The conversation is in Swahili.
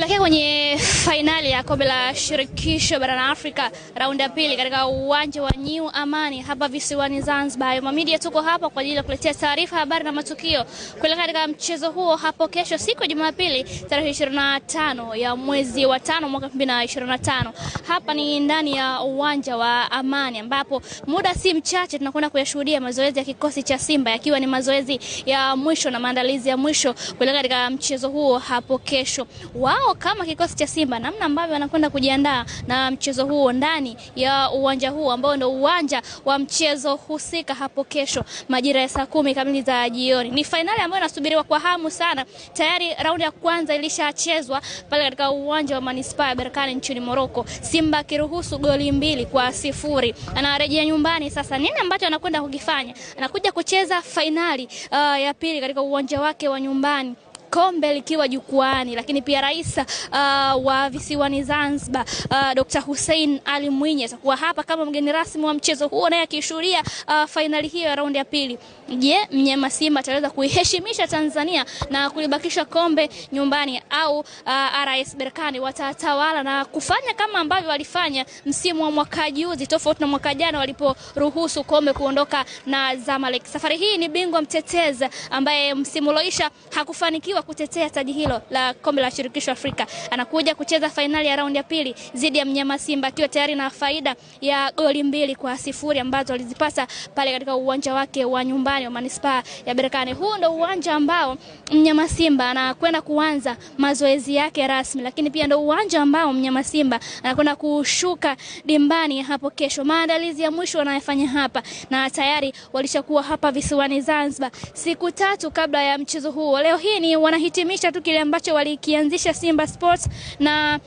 来看我呢。fainali ya kombe la shirikisho barani Afrika raundi ya pili katika uwanja wa New Amani hapa visiwani Zanzibar. Ayoma Media tuko hapa kwa ajili ya kuletea taarifa, habari na matukio kuelekea katika mchezo huo hapo kesho, siku ya Jumapili tarehe 25 ya mwezi wa tano mwaka 2025. Hapa ni ndani ya uwanja wa Amani ambapo muda si mchache tunakwenda kuyashuhudia mazoezi ya kikosi cha Simba yakiwa ni mazoezi ya mwisho na maandalizi ya mwisho kuelekea katika mchezo huo hapo kesho. Wao kama kikosi cha Simba Simba namna ambavyo wanakwenda kujiandaa na mchezo huo ndani ya uwanja huu ambao ndio uwanja wa mchezo husika hapo kesho majira ya saa kumi kamili za jioni. Ni fainali ambayo inasubiriwa kwa hamu sana. Tayari raundi ya kwanza ilishachezwa pale katika uwanja wa Manispaa ya Berkane nchini Morocco, Simba akiruhusu goli mbili kwa sifuri. Anarejea nyumbani sasa, nini ambacho anakwenda kukifanya? Anakuja kucheza fainali uh, ya pili katika uwanja wake wa nyumbani kombe likiwa jukwani lakini pia rais uh, wa visiwani Zanzibar uh, Dr. Hussein Ali Mwinyi atakuwa hapa kama mgeni rasmi wa mchezo huo, naye akishuhudia uh, fainali hiyo ya raundi ya pili. Je, mnyama Simba ataweza kuiheshimisha Tanzania na kulibakisha kombe nyumbani au uh, RS Berkane watatawala na kufanya kama ambavyo walifanya msimu wa mwaka juzi, tofauti na mwaka jana waliporuhusu kombe kuondoka na Zamalek. Safari hii ni bingwa mtetezi ambaye msimu loisha hakufanikiwa wa kutetea taji hilo la kombe la shirikisho Afrika anakuja kucheza fainali ya raundi ya pili dhidi ya mnyama Simba akiwa tayari na faida ya goli mbili kwa sifuri ambazo alizipata pale katika uwanja wake wa nyumbani wa manispaa ya Berkane. Huu ndo uwanja ambao mnyama Simba anakwenda kuanza mazoezi yake rasmi, lakini pia ndo uwanja ambao mnyama Simba anakwenda kushuka dimbani hapo kesho. Maandalizi ya mwisho wanayofanya hapa na tayari walishakuwa hapa visiwani Zanzibar siku tatu kabla ya mchezo huo. Leo hii ni wanahitimisha tu kile ambacho walikianzisha Simba Sports na